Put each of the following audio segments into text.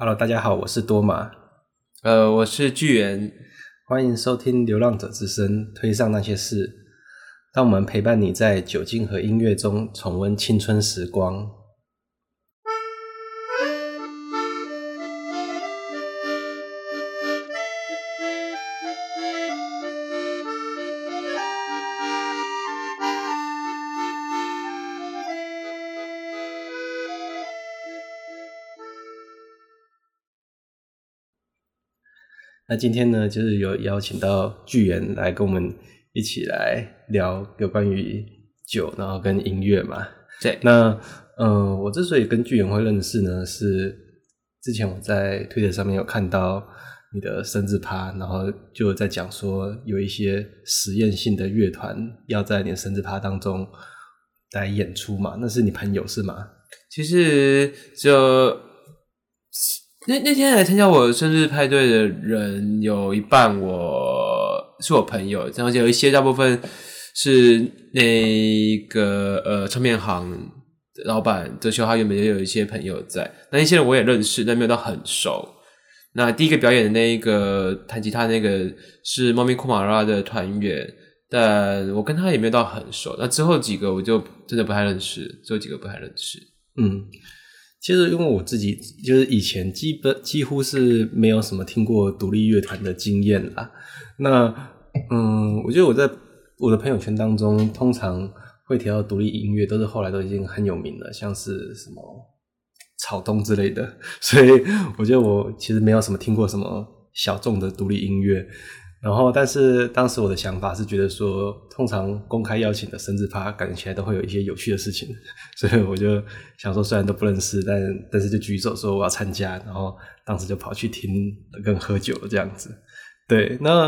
Hello，大家好，我是多馬，呃，我是鉅元，歡迎收聽《流浪者之聲》，推上那些事，讓我們陪伴你在酒精和音樂中重溫青春時光。那今天呢，就是有邀請到鉅元來跟我們一起來聊有關於酒，然後跟音樂嘛。對。那嗯、呃，我之所以跟鉅元會認識呢，是之前我在推特上面有看到你的生日趴，然後就在講說有一些實驗性的樂團要在你的生日趴當中來演出嘛。那是你朋友是嗎？其實就。那那天來參加我生日派對的人有一半我是我朋友，然後有一些大部分是那個呃唱片行的老板，德修他原本也有一些朋友在，那一些人我也認識，但沒有到很熟。那第一個表演的那一個彈吉他那個是貓咪庫馬拉的團員，但我跟他也沒有到很熟。那之後幾個我就真的不太認識，之後幾個不太認識，嗯。其實，因為我自己就是以前基本幾乎是沒有什麼聽過獨立樂團的經驗啦。那，嗯，我覺得我在我的朋友圈當中，通常會提到獨立音樂，都是後來都已經很有名了，像是什麼草東之類的。所以，我覺得我其實沒有什麼聽過什麼小眾的獨立音樂。然後，但是當時我的想法是覺得說，通常公開邀請的生日趴，感覺起來都會有一些有趣的事情，所以我就想說，雖然都不認識，但但是就舉手說我要參加，然後當時就跑去聽跟喝酒了這樣子。對，那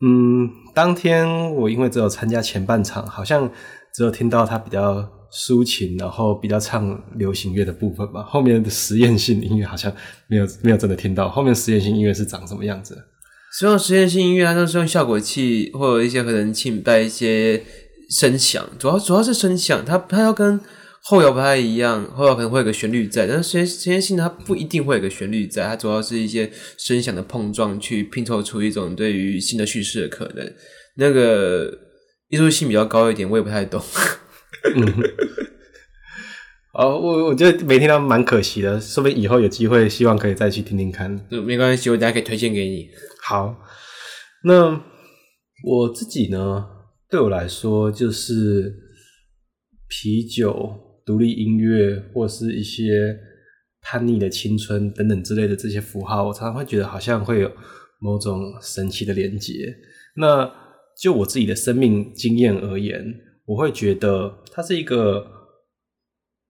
嗯，當天我因為只有參加前半場，好像只有聽到他比較抒情，然後比較唱流行樂的部分吧，後面的實驗性音樂好像沒有沒有真的聽到，後面實驗性音樂是長什麼樣子？希望實驗性音樂，它都是用效果器或有一些合成器帶一些聲響，主要主要是聲響，它它要跟後搖不太一樣，後搖可能會有個旋律在，但實驗實驗性它不一定會有個旋律在，它主要是一些聲響的碰撞去拼湊出一種對於新的敘事的可能。那個藝術性比較高一點，我也不太懂。嗯、 好，我我就沒聽到，蠻可惜的。說不定以後有機會，希望可以再去聽聽看。嗯、沒關係，我等下可以推薦給你。好，那我自己呢？對我來說，就是啤酒、獨立音樂或是一些叛逆的青春等等之類的這些符號，我常常會覺得好像會有某種神奇的連接。那就我自己的生命經驗而言，我會覺得它是一個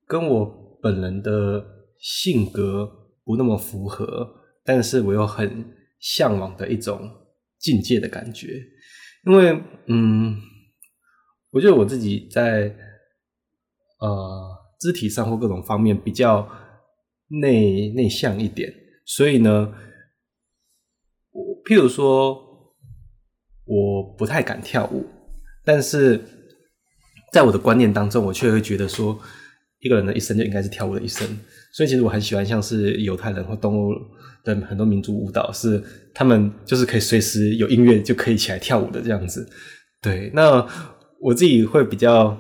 跟我本人的性格不那麼符合，但是我又很嚮往的一種境界的感覺，因為嗯，我覺得我自己在呃肢體上或各種方面比較內內向一點，所以呢，我譬如說我不太敢跳舞，但是在我的觀念當中，我卻會覺得說，一個人的一生就應該是跳舞的一生，所以其實我很喜歡像是猶太人或東歐。對，很多民族舞蹈是他們就是可以隨時有音樂就可以起來跳舞的這樣子。對，那我自己會比較，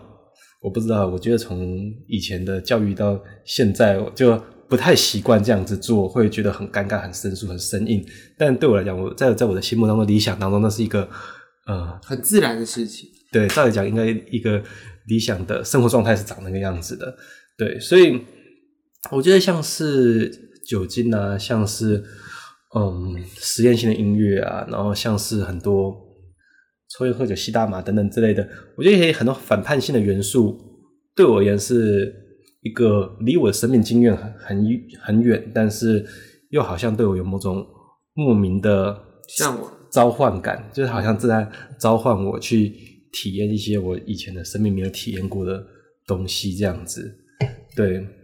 我不知道，我覺得從以前的教育到現在，我就不太習慣這樣子做，會覺得很尷尬、很生疏、很生硬。但對我來講，我在在我的心目當中、理想當中，那是一個呃很自然的事情。對，照理講，應該一個理想的生活狀態是長那個樣子的。對，所以我覺得像是。酒精啊，像是嗯實驗性的音樂啊，然後像是很多抽煙喝酒吸大麻等等之類的，我覺得也很多反叛性的元素對我而言是一個離我的生命經驗很很很遠，但是又好像對我有某種莫名的像我，召喚感，就是好像正在召喚我去體驗一些我以前的生命沒有體驗過的東西，這樣子，對。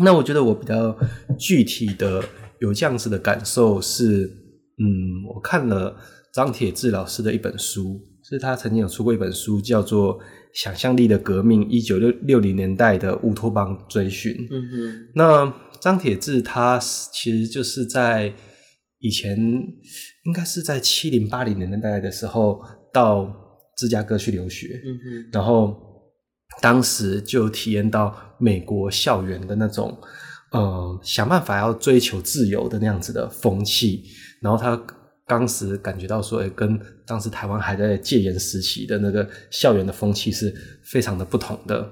那我覺得我比較具體的有這樣子的感受是，嗯，我看了張鐵志老師的一本書，是他曾經有出過一本書叫做《想象力的革命：一九六零年代的烏托邦追尋》嗯。嗯嗯那張鐵志他其實就是在以前應該是在七零八零年代的時候到芝加哥去留學。嗯嗯然後。當時就體驗到美國校園的那種，呃，想辦法要追求自由的那樣子的風氣，然後他當時感覺到說，誒，欸，跟當時台灣還在戒嚴時期的那個校園的風氣是非常的不同的，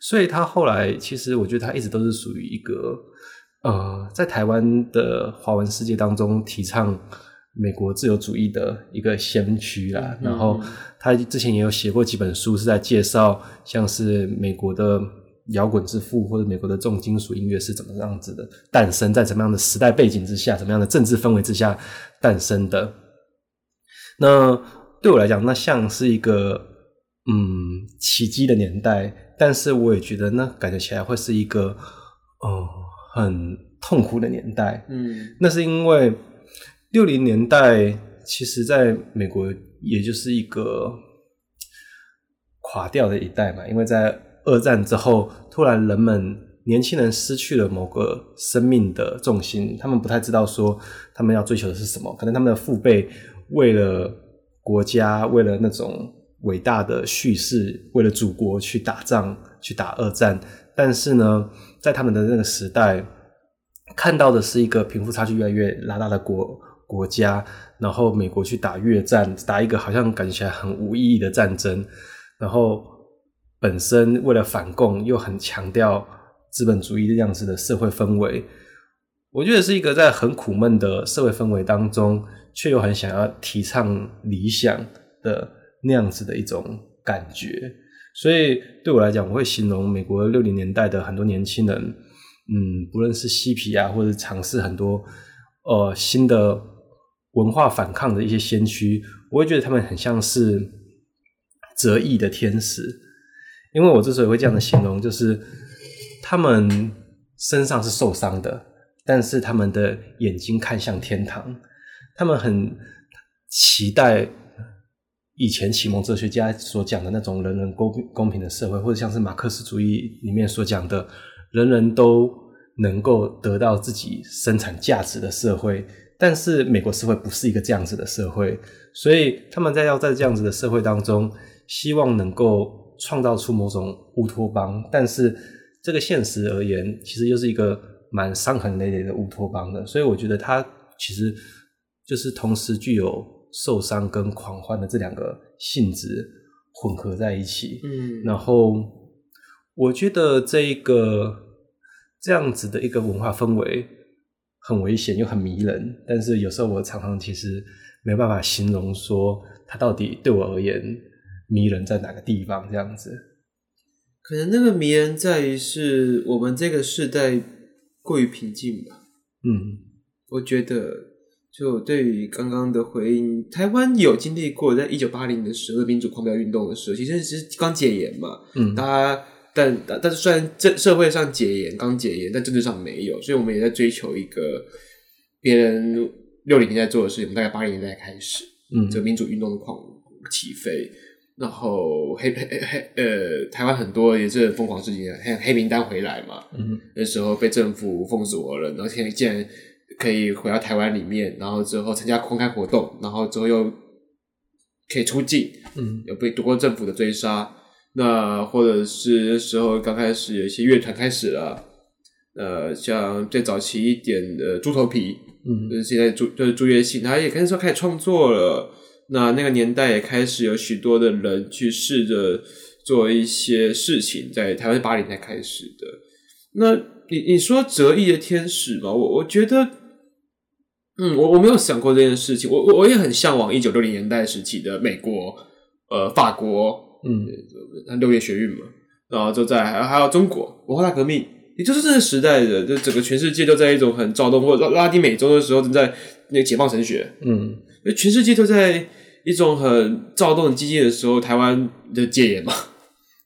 所以他後來其實我覺得他一直都是屬於一個，呃，在台灣的華文世界當中提倡。美國自由主義的一個先驅啦，嗯嗯嗯，然後他之前也有寫過幾本書，是在介紹像是美國的搖滾之父或者美國的重金屬音樂是怎麼樣子的誕生，在什麼樣的時代背景之下，什麼樣的政治氛圍之下誕生的。那對我來講，那像是一個嗯奇蹟的年代，但是我也覺得那感覺起來會是一個哦、呃，很痛苦的年代。嗯，那是因為。六零年代，其實在美國，也就是一個垮掉的一代嘛，因為在二戰之後，突然人們年輕人失去了某個生命的重心，他們不太知道說他們要追求的是什麼。可能他們的父輩為了國家，為了那種偉大的敘事，為了祖國去打仗，去打二戰。但是呢，在他們的那個時代，看到的是一個貧富差距越來越拉大的國。國家，然後美國去打越戰，打一個好像感覺起來很無意義的戰爭，然後本身為了反共又很強調資本主義的樣子的社會氛圍，我覺得是一個在很苦悶的社會氛圍當中，卻又很想要提倡理想的那樣子的一種感覺。所以對我來講，我會形容美國六零年代的很多年輕人，嗯，不論是嬉皮啊，或者嘗試很多呃新的。文化反抗的一些先驅，我會覺得他們很像是折翼的天使，因為我之所以會這樣的形容，就是他們身上是受傷的，但是他們的眼睛看向天堂，他們很期待以前啟蒙哲學家所講的那種人人公公平的社會，或者像是馬克思主義裡面所講的，人人都能夠得到自己生產價值的社會。但是美國社會不是一個這樣子的社會，所以他們在要在這樣子的社會當中，希望能夠創造出某種烏托邦，但是這個現實而言，其實就是一個蠻傷痕累累的烏托邦的。所以我覺得它其實就是同時具有受傷跟狂歡的這兩個性質混合在一起。嗯，然後我覺得這一個這樣子的一個文化氛圍很危險又很迷人，但是有時候我常常其實沒有辦法形容說它到底對我而言迷人在哪個地方這樣子。可能那個迷人在於是我們這個世代過於平靜吧。嗯，我覺得就對於剛剛的回應，台灣有經歷過在一九八零的十二民主狂飆運動的時候，其實只是剛解嚴嘛。嗯，大家。但但但是，雖然這社會上解嚴，剛解嚴，但政治上沒有，所以我們也在追求一個別人六零年代做的事情，我們大概八零年代開始，嗯，就民主運動的狂起飛，然後黑黑黑呃，台灣很多也是瘋狂事情，黑黑名單回來嘛，嗯，那時候被政府封鎖了，然後現在竟然可以回到台灣裡面，然後之後參加公開活動，然後之後又可以出境，嗯，有被多政府的追殺。那或者是那時候剛開始有一些樂團開始了，呃，像最早期一點的豬頭皮，嗯，現在朱，就是朱約信，他、就是、也開始說開始創作了。那那個年代也開始有許多的人去試着做一些事情，在台灣是八零年代開始的。那你你說折翼的天使嗎？我我覺得，嗯，我我沒有想過這件事情。我我我也很向往一九六零年代時期的美國，呃，法國。嗯，他六月學運嘛，然後就在還有還有中國文化大革命，也就是這個時代的，就整個全世界都在一種很躁動，或者拉丁美洲的時候正在那個解放神學，嗯，那全世界都在一種很躁動、的激進的時候，台灣的戒嚴嘛，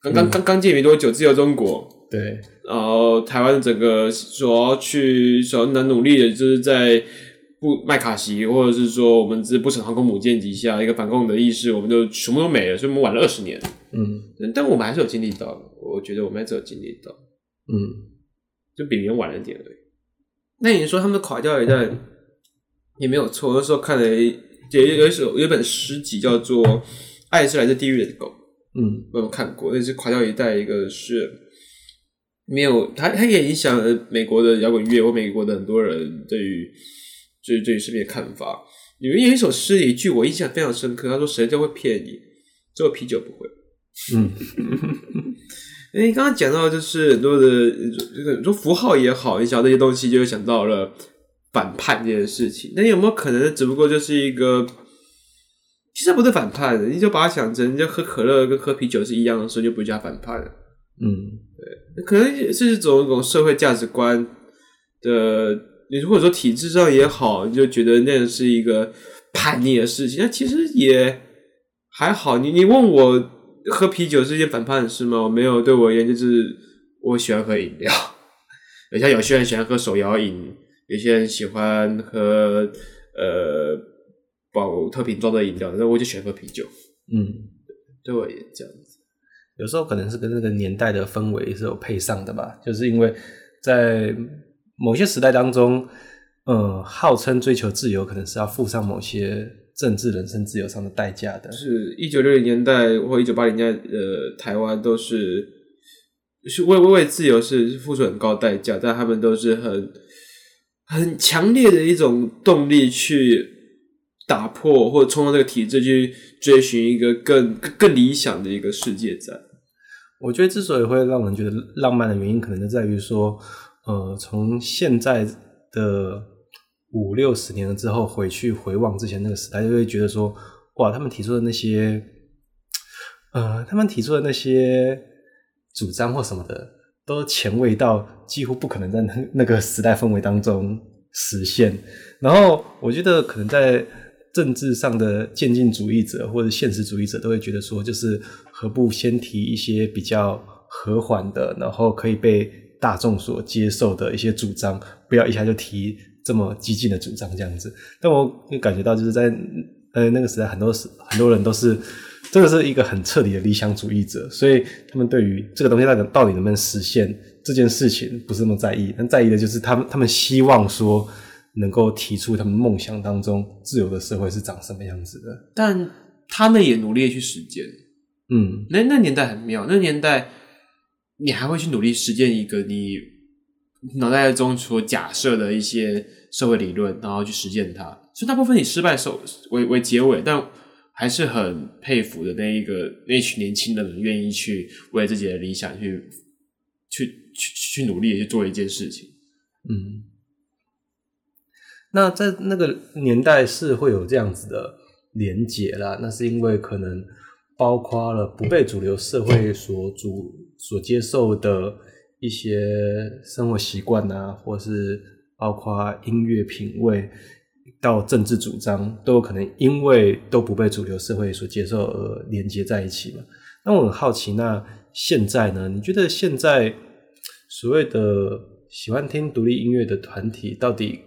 剛、嗯、剛剛剛戒嚴沒多久，自由中國，對，然後台灣整個所要去所要難能努力的就是在。不麥卡錫，或者是說我們這不成航空母艦底下一個反共的意識，我們就什麼都沒了，所以我們晚了二十年。嗯，但我們還是有經歷到，我覺得我們還是有經歷到。嗯，就比別人晚了一點，對，那你說他們垮掉一代也沒有錯。那時候看了一，有有一首有一本詩集叫做《愛是來自地獄的狗》。嗯，我有看過，那是垮掉一代，一個是沒有它，它也影響了美國的搖滾樂或美國的很多人對於。就是對於世面的看法，裡面有一首詩，一句我印象非常深刻。他說：“誰都會騙你？”做啤酒不會。嗯，哎，你剛剛講到就是很多的，很多符號也好，你想這些東西，就想到了反叛這件事情。那有沒有可能，只不過就是一個，其實不是反叛，你就把它想成，就喝可樂跟喝啤酒是一樣的，時候，就不叫反叛了。嗯，對，可能是這種一種社會價值觀的。你如果說體制上也好，就覺得那是一個叛逆的事情。那其實也還好。你你問我喝啤酒是一件反叛的事嗎？我沒有，對我而言就是我喜歡喝飲料。像有些人喜歡喝手搖飲，有些人喜歡喝呃保特瓶裝的飲料。那我就喜歡喝啤酒。嗯，對我也這樣子。有時候可能是跟那個年代的氛圍是有配上的吧，就是因為在。某些時代當中，呃、嗯，號稱追求自由，可能是要付上某些政治、人身自由上的代價的。就是一九六零年代或一九八零年代，呃，台灣都是是為為為自由是付出很高代價，但他們都是很很強烈的一種動力去打破或者衝破這個體制，去追尋一個更更理想的一個世界。在我覺得，之所以會讓人覺得浪漫的原因，可能就在於說。呃，從現在的五六十年了之後，回去回望之前那個時代，就會覺得說，哇，他們提出的那些，呃，他們提出的那些主張或什麼的，都前衛到幾乎不可能在那那個時代氛圍當中實現。然後，我覺得可能在政治上的漸進主義者或者現實主義者都會覺得說，就是何不先提一些比較和緩的，然後可以被。大眾所接受的一些主張，不要一下就提這麼激進的主張，這樣子。但我感覺到，就是在呃那個時代，很多很多人都是，真的是一個很徹底的理想主義者，所以他們對於這個東西到底到底能不能實現這件事情不是那麼在意，但在意的就是他們他們希望說能夠提出他們夢想當中自由的社會是長什麼樣子的，但他們也努力的去實踐。嗯，那那年代很妙，那年代。你還會去努力實踐一個你腦袋中所假設的一些社會理論，然後去實踐它。所以大部分以失敗為為，為結尾，但還是很佩服的那一個，那一群年輕人願意去為自己的理想去去去去，去努力去做一件事情。嗯，那在那個年代是會有這樣子的連結啦。那是因為可能包括了不被主流社會所主。所接受的一些生活習慣吶，或是包括音樂品味到政治主張，都有可能因為都不被主流社會所接受而連接在一起嘛。那我很好奇，那現在呢？你覺得現在所謂的喜歡聽獨立音樂的團體，到底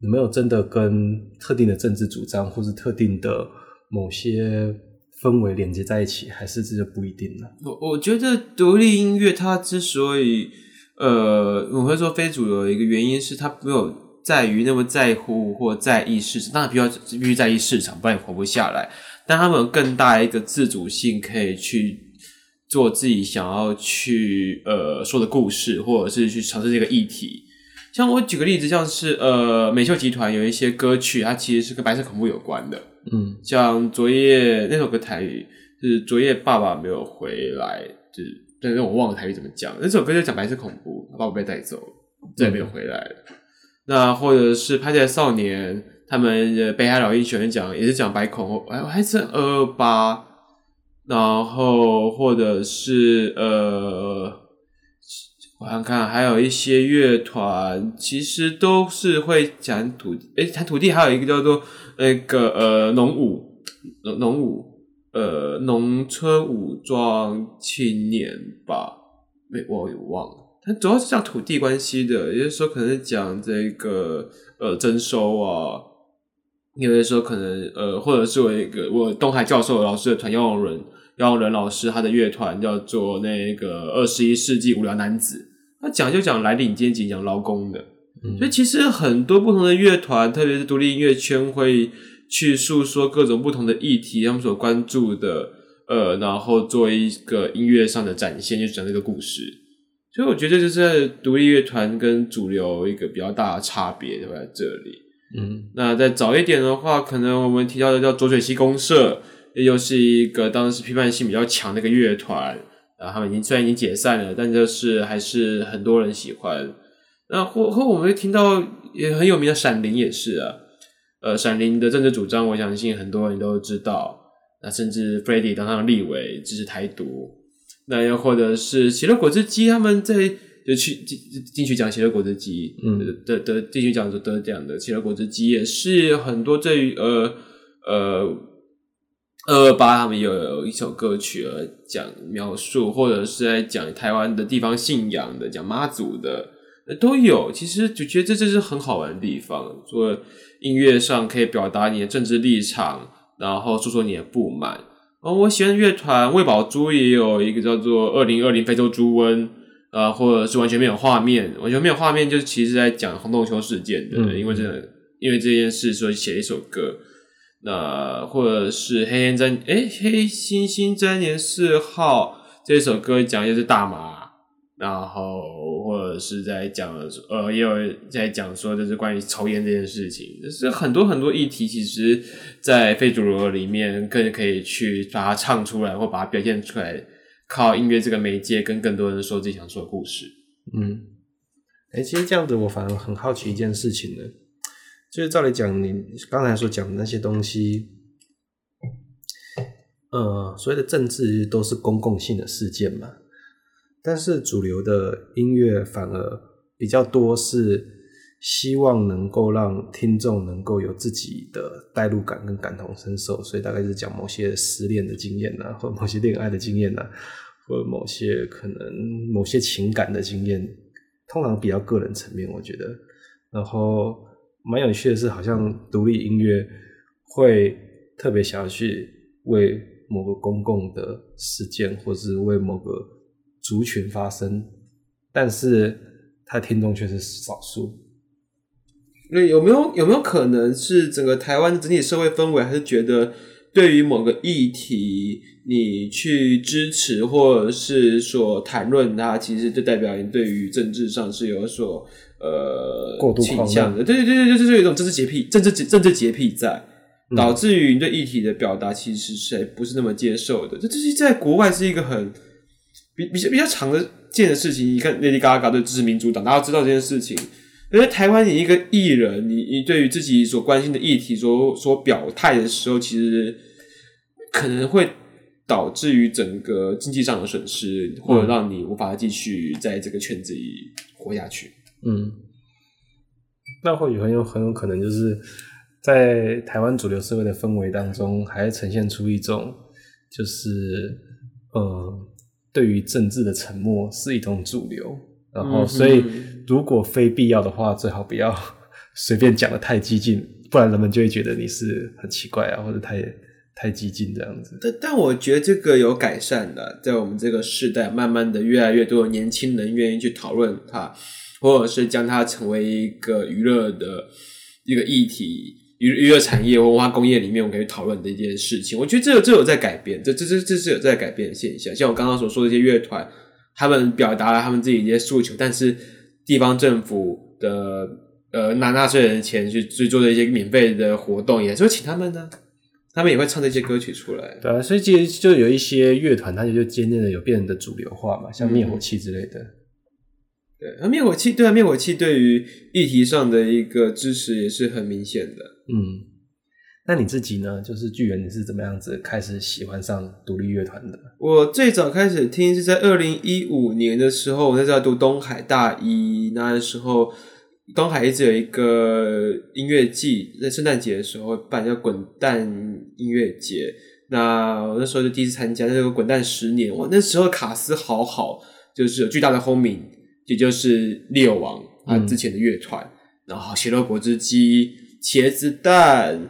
有沒有真的跟特定的政治主張，或是特定的某些？氛圍連接在一起，還是這就不一定了。我我覺得獨立音樂它之所以，呃，我會說非主流的一個原因，是它沒有在於那麼在乎或在意市場，當然必要必須在意市場，不然也活不下來。但他們更大一個自主性，可以去做自己想要去呃說的故事，或者是去嘗試這個議題。像我舉個例子，像是呃，美秀集團有一些歌曲，它其實是跟白色恐怖有關的。嗯，像昨夜那首歌台語是昨夜爸爸沒有回來，就是，但是我忘了台語怎麼講。那首歌就講白色恐怖，爸爸被帶走再也、嗯、沒有回來了。那或者是拍謝少年，他們的北海老英雄講也是講白恐，哎，我還剩二二八。然後或者是呃，我想看，還有一些樂團其實都是會講土，誒、欸，談土地還有一個叫做。那個呃，農武農農武呃，農村武裝青年吧，沒，我也忘了。他主要是講土地關係的，有些時候可能是講這個呃徵收啊，有的時候可能呃，或者是我一個我東海教授老師的團，楊友仁，楊友仁老師他的樂團叫做那個二十一世紀無聊男子，他講就講藍領階級、講勞工的。所以其實很多不同的樂團，特別是獨立音樂圈，會去訴說各種不同的議題，他們所關注的，呃，然後做一個音樂上的展現，就講這個故事。所以我覺得，就是獨立樂團跟主流一個比較大的差別在這裡。嗯，那再早一點的話，可能我們提到的叫濁水溪公社，又是一個當時批判性比較強的一個樂團，然後已經雖然已經解散了，但就是還是很多人喜歡。那、啊、或後我們會聽到也很有名的閃靈也是啊，呃，閃靈的政治主張，我相信很多人都知道。那、啊、甚至 Freddy 當上立委支持台獨，那又或者是奇樂果汁機他們在就去進進去講奇樂果汁機，嗯，得得就是、的的進去講說都講的奇樂果汁機也是很多這呃呃二二八他們有一首歌曲而講描述或者是在講台灣的地方信仰的講媽祖的。都有，其實就覺得這就是很好玩的地方。做音樂上可以表達你的政治立場，然後說說你的不滿。哦，我喜歡樂團餵飽豬，也有一個叫做《二零二零非洲豬瘟》啊、呃，或者是完全沒有畫面，完全沒有畫面，就是其實在講洪仲丘事件的、嗯，因為真的因為這件事，所以寫一首歌。那、呃、或者是黑真，誒，黑猩猩詹年四號這一首歌講的就是大麻。然後或者是在講呃，也有在講說，就是關於抽菸這件事情，就是很多很多議題，其實在，在非主流裡面更可以去把它唱出來，或把它表現出來，靠音樂這個媒介跟更多人說自己想說的故事。嗯，哎、欸，其實這樣子，我反而很好奇一件事情呢，就是照理講，你剛才所講的那些東西，呃，所謂的政治都是公共性的事件嘛。但是主流的音樂反而比較多，是希望能夠讓聽眾能夠有自己的代入感跟感同身受，所以大概是講某些失戀的經驗吶、啊，或者某些戀愛的經驗吶、啊，或者某些可能某些情感的經驗，通常比較個人層面，我覺得。然後蠻有趣的是，好像獨立音樂會特別想要去為某個公共的事件，或是為某個。族群發聲，但是他聽眾卻是少數。那有沒有有沒有可能是整個台灣的整體社會氛圍還是覺得對於某個議題你去支持或者是所談論，它其實就代表你對於政治上是有所呃過度傾向的。對對對對，就是有一種政治潔癖、政治政治潔癖在，導致於你對議題的表達其實誰不是那麼接受的。這、嗯、這是在國外是一個很。比比，比較比較常見的件事情，你看 Lady Gaga 都支持民主黨，大家知道這件事情。因為台灣你一個藝人，你你對於自己所關心的議題所，所表態的時候，其實可能會導致於整個經濟上的損失，或者讓你無法繼續在這個圈子裡活下去。嗯，那或許很有很有可能，就是在台灣主流社會的氛圍當中，還呈現出一種就是，嗯、呃。對於政治的沉默是一種主流，嗯，然後所以如果非必要的話，最好不要隨便講得太激進，不然人們就會覺得你是很奇怪啊，或者太太激進這樣子。但但我覺得這個有改善的，在我們這個世代，慢慢的越來越多的年輕人願意去討論它，或者是將它成為一個娛樂的一個議題。娛娛樂產業、文化工業裡面，我們可以討論的一件事情，我覺得這有、這有在改變，這、這、這、這是有在改變的現象。像我剛剛所說的，一些樂團，他們表達了他們自己一些訴求，但是地方政府的呃拿納稅人的錢去製作的一些免費的活動，也是會請他們呢，他們也會唱這些歌曲出來。對啊，所以其實就有一些樂團，它就就漸漸的有變得主流化嘛，像滅火器之類的。嗯、對啊，滅火器，對啊，滅火器對於議題上的一個支持也是很明顯的。嗯，那你自己呢？就是鉅元你是怎麼樣子開始喜歡上獨立樂團的？我最早開始聽是在二零一五年的時候，我那時候讀東海大一，那時候東海一直有一個音樂祭，在聖誕節的時候辦叫“滾蛋音樂節”。那我那時候就第一次參加那個“滾蛋十年”，我那時候卡斯好好，就是有巨大的轟鳴，也就是獵王他之前的樂團，嗯，然後邪樂國之姬。茄子蛋，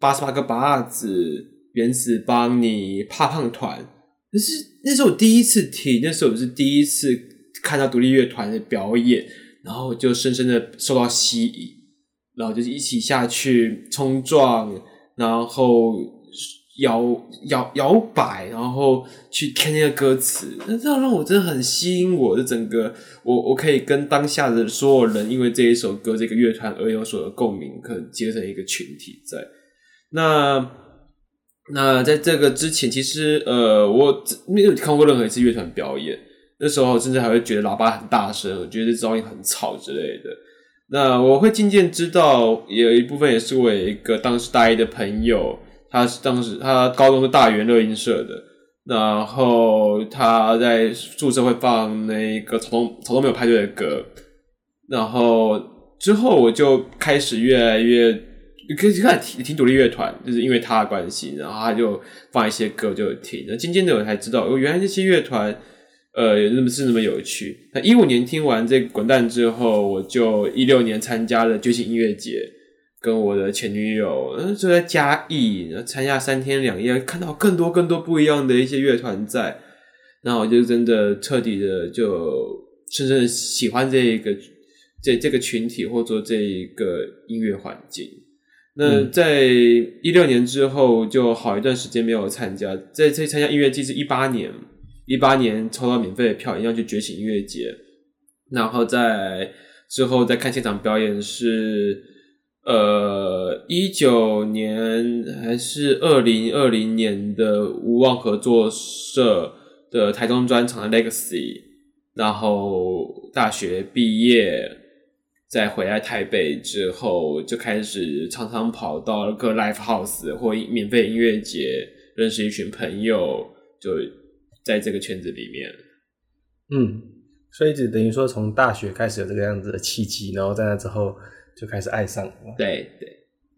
八十八顆巴,巴,芭樂籽，原子邦尼怕胖團。可是那是我第一次聽，那時候我是第一次看到獨立樂團的表演，然後就深深的受到吸引，然後就是一起下去衝撞，然後。搖搖搖擺，然後去聽那個歌詞，那這樣讓我真的很吸引我，的整個我我可以跟當下的所有人，因為這一首歌這個樂團而有所共鳴，可能結成一個群體在。那那在這個之前，其實呃，我沒有看過任何一次樂團表演。那時候甚至還會覺得喇叭很大聲，我覺得這噪音很吵之類的。那我會漸漸知道，有一部分也是我有一個當時大一的朋友。他是當時，他高中是大圓樂音社的，然後他在宿舍會放那個草東草東沒有派對的歌，然後之後我就開始越來越開始看聽獨立樂團，就是因為他的關係，然後他就放一些歌，我就聽，那漸漸的我才知道哦，原來這些樂團，呃，有那麼是那麼有趣。那一五年聽完這滾蛋之後，我就一六年參加了覺醒音樂祭。跟我的前女友，嗯，就在嘉義，然後參加三天兩夜，看到更多更多不一樣的一些樂團在，那我就真的徹底的就深深的喜歡這一個這這個群體或者這一個音樂環境。那在一六年之後，就好一段時間沒有參加、嗯，在這參加音樂季是一八年，一八年抽到免費的票，一樣去覺醒音樂節，然後在之後再看現場表演是。呃，一九年還是二零二零年的無望合作社的台中專場的 Legacy，然後大學畢業，再回來台北之後，就開始常常跑到各 live house 或免費音樂節，認識一群朋友，就在這個圈子裡面，嗯，所以就等於說從大學開始有這個樣子的契機，然後在那之後。就開始愛上了。對對，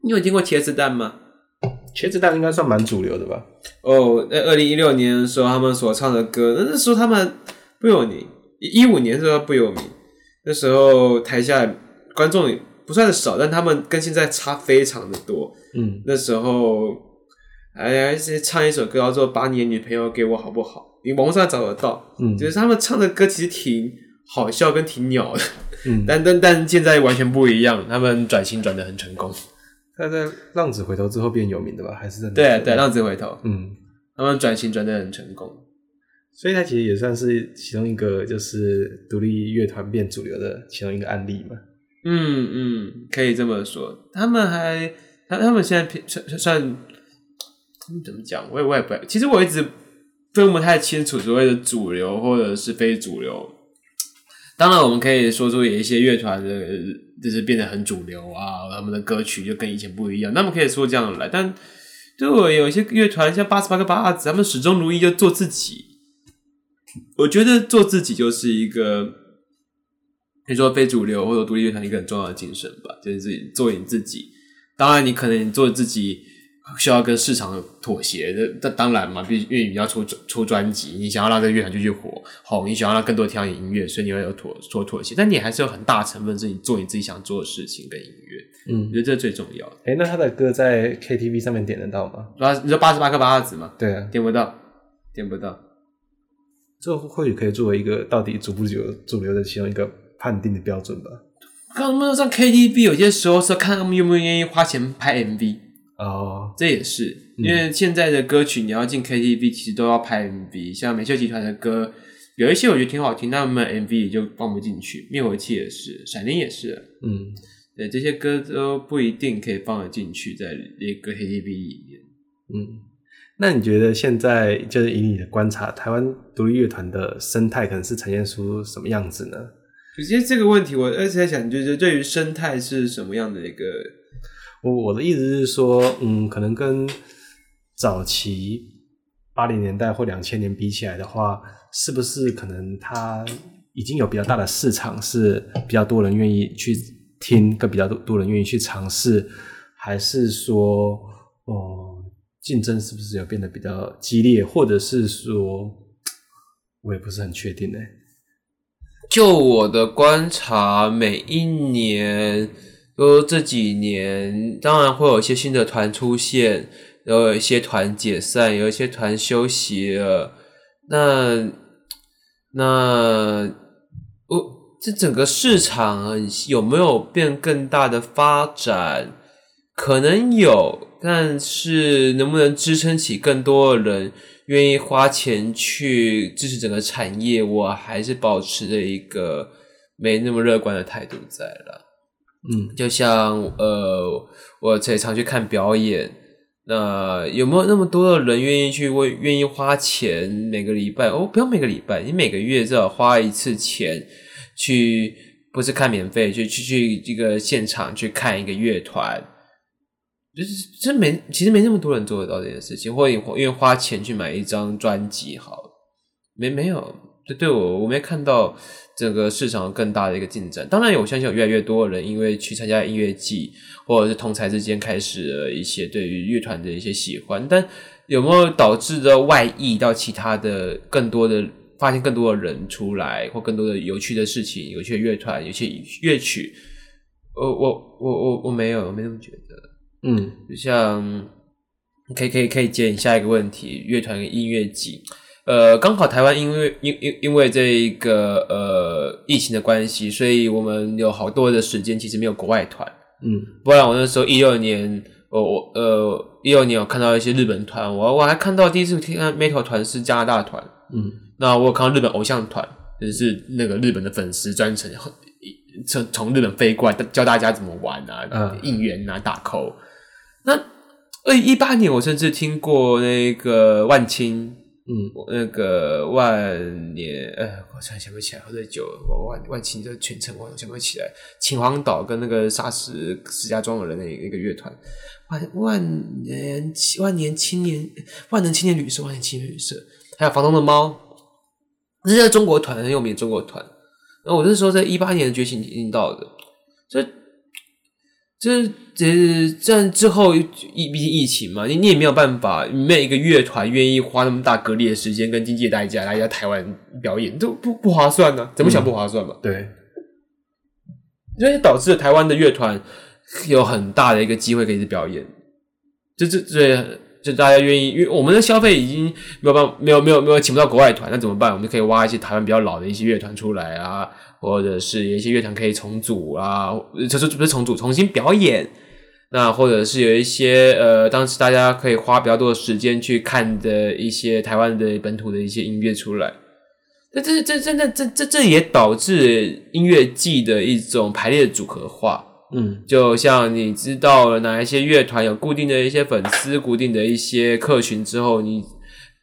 你有聽過《茄子蛋》嗎？《茄子蛋》應該算蠻主流的吧。哦，在二零一六年的時候，他們所唱的歌，那那時候他們不有名。一五年的時候不有名，那時候台下觀眾也不算少，但他們跟現在差非常的多。嗯，那時候哎呀，是唱一首歌，叫做把你的女朋友給我，好不好？你網絡上找得到。嗯，就是他們唱的歌其實挺好笑，跟挺鳥的。嗯，但但但現在完全不一樣，他們轉型轉得很成功。他在浪子回頭之後變有名的吧？還是在？對，對，浪子回頭。嗯，他們轉型轉得很成功，所以他其實也算是其中一個，就是獨立樂團變主流的其中一個案例嘛。嗯嗯，可以這麼說。他們還他他們現在算算，他們怎麼講？我也我也不，其實我一直分不太清楚所謂的主流或者是非主流。當然，我們可以說出有一些樂團的，就是變得很主流啊，他們的歌曲就跟以前不一樣。那麼可以說這樣來，但對我有一些樂團，像八十八顆芭樂籽，他們始終如一，就做自己。我覺得做自己就是一個，你說非主流或者獨立樂團一個很重要的精神吧，就是自己做你自己。當然，你可能做自己。需要跟市場有妥協，這但當然嘛。畢粵語要出出專輯，你想要讓這個樂團繼續火，好，你想要讓更多聽到你音樂，所以你要有妥說妥協。但你還是有很大成分是你做你自己想做的事情跟音樂，嗯，我覺得這是最重要的。誒，那他的歌在 KTV 上面點得到嗎？八你說八十八個八子嗎？對啊，點不到，點不到。這或許可以作為一個到底主不主流的其中一個判定的標準吧。剛剛他們上 KTV 有些時候是看他們願不願意花錢拍 MV。哦、oh，這也是因為現在的歌曲，你要進 KTV 其實都要拍 MV，嗯。像美秀集團的歌，有一些我覺得挺好聽，但他們 MV 也就放不進去。滅火器也是，閃靈也是，嗯，對，這些歌都不一定可以放得進去在一個 KTV 裡面。嗯，那你覺得現在就是以你的觀察，台灣獨立樂團的生態可能是呈現出什麼樣子呢？其實這個問題我一直在想，就是對於生態是什麼樣的一個。我我的意思是說，嗯，可能跟早期八零年代或兩千年比起來的話，是不是可能它已經有比較大的市場，是比較多人願意去聽，跟比較多多人願意去嘗試，還是說，哦、嗯，競爭是不是有變得比較激烈，或者是說，我也不是很確定誒。就我的觀察，每一年。都這幾年，當然會有一些新的團出現，然後有一些團解散，有一些團休息了。那那我、哦、這整個市場有沒有變更大的發展？可能有，但是能不能支撐起更多的人願意花錢去支持整個產業？我還是保持着一個沒那麼樂觀的態度在了。嗯，就像呃，我也常去看表演。那、呃、有沒有那麼多的人願意去願意花錢？每個禮拜哦，不用每個禮拜，你每個月至少花一次錢去，不是看免費，去去去這個現場去看一個樂團，就是真沒，其實沒那麼多人做得到這件事情。或者花因為花錢去買一張專輯，好，沒沒有？對對我我沒看到。整個市場更大的一個進展，當然我相信有越來越多的人因為去參加音樂季或者是同才之間開始了一些對於樂團的一些喜歡，但有沒有導致的外溢到其他的更多的發現更多的人出來或更多的有趣的事情，有些樂團有些樂曲，我我我我我沒有我沒那麼覺得，嗯，就像可以可以可以接你下一個問題，樂團跟音樂季。呃，剛好台灣因為因因因為這個呃疫情的關係，所以我們有好多的時間其實沒有國外團。嗯，不然我那時候一二年，我我呃一二年有看到一些日本團，我我還看到第一次聽到 Metal 團是加拿大團。嗯，那我有看到日本偶像團，就是那個日本的粉絲專程從從日本飛過來教大家怎麼玩啊，應援啊，打 call。嗯，那二零一八年，我甚至聽過那個萬青。嗯，那個萬年，呃，我突然想不起來喝醉酒。我萬萬青的全稱，我想不起來。秦皇島跟那個沙石，石家莊的人的一個樂團，萬萬年青，萬年青年，萬能青年旅社，萬年青年旅社，還有房東的貓，這在中國團很有名。中國團，那我那時候在一八年的覺醒已經到了，所以。這這這在之後疫，畢竟疫情嘛，你你也沒有辦法，沒有一個樂團願意花那麼大隔離的時間跟經濟代價來在台灣表演，就不不划算呢、啊，怎麼想不划算嘛、啊嗯？對，所以導致了台灣的樂團有很大的一個機會可以去表演，就這這，就大家願意，因為我們的消費已經沒有辦法，沒有沒有沒有請不到國外團，那怎麼辦？我們可以挖一些台灣比較老的一些樂團出來啊。或者是有一些樂團可以重組啊，就是不是重組，重新表演。那或者是有一些呃，當時大家可以花比較多的時間去看的一些台灣的本土的一些音樂出來。那這這這這這這也導致音樂祭的一種排列組合化。嗯，就像你知道哪一些樂團有固定的一些粉絲、固定的一些客群之後，你。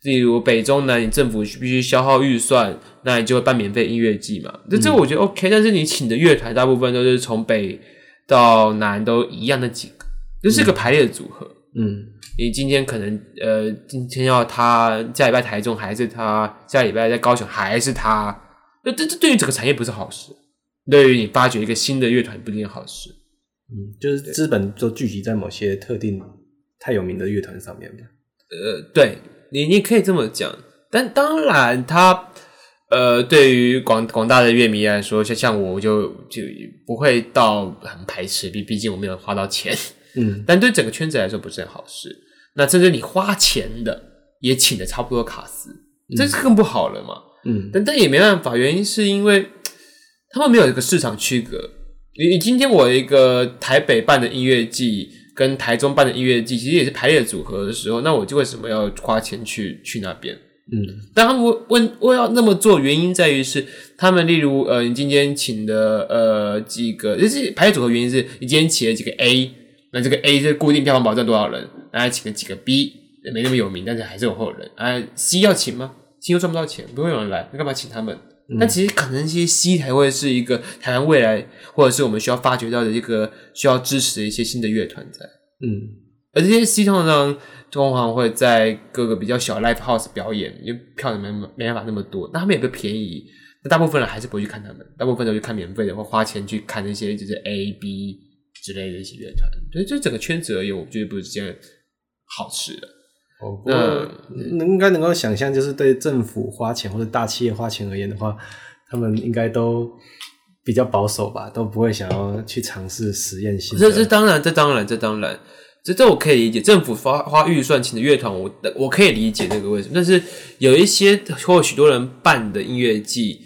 例如北中南，你政府必須消耗預算，那你就會辦免費音樂季嘛？那這個、嗯、我覺得 OK，但是你請的樂團大部分都是從北到南都一樣的幾個，就、嗯、是一個排列的組合。嗯，你今天可能呃，今天要他下禮拜台中還是他下禮拜在高雄還是他？這這這對於整個產業不是好事，對於你發掘一個新的樂團不一定好事。嗯，就是資本都聚集在某些特定太有名的樂團上面嘛？呃，對。你你可以這麼講，但當然他，呃，對於廣廣大的樂迷來說，像像我就就不會到很排斥，畢畢竟，我沒有花到錢，嗯，但對整個圈子來說不是件好事。那甚至你花錢的也請的差不多卡司，嗯，這是更不好了嘛，嗯，但但也沒辦法，原因是因為他們沒有一個市場區隔。你今天我一個台北辦的音樂祭。跟台中辦的音樂季其實也是排列組合的時候，那我就為什麼要花錢去去那邊？嗯，但他們問問我要那麼做原因在於是他們，例如呃，你今天請的呃幾個，就是排列組合原因是你今天請了幾個 A，那這個 A 是固定票房保證多少人，大家，啊，請了幾個 B 也沒那麼有名，但是還是有後人啊，C 要請嗎？C 又賺不到錢，不會有人來，那幹嘛請他們？那其實可能，一些 C 台會是一個台灣未來，或者是我們需要發掘到的一個需要支持的一些新的樂團在。嗯，而這些 C 通常通常會在各個比較小 live house 表演，因為票也沒沒辦法那麼多。那他們也不便宜，那大部分人還是不會去看他們，大部分都去看免費的，或花錢去看那些就是 A、B 之類的一些樂團。所以，這整個圈子而言，我覺得不是這樣好事的。那應該能夠想象，就是對政府花錢或者大企業花錢而言的話，他們應該都比較保守吧，都不會想要去嘗試實驗性。這這當然，這當然，這當然，這這我可以理解。政府花花預算請的樂團，我我可以理解這個為什麼。但是有一些或許多人辦的音樂季，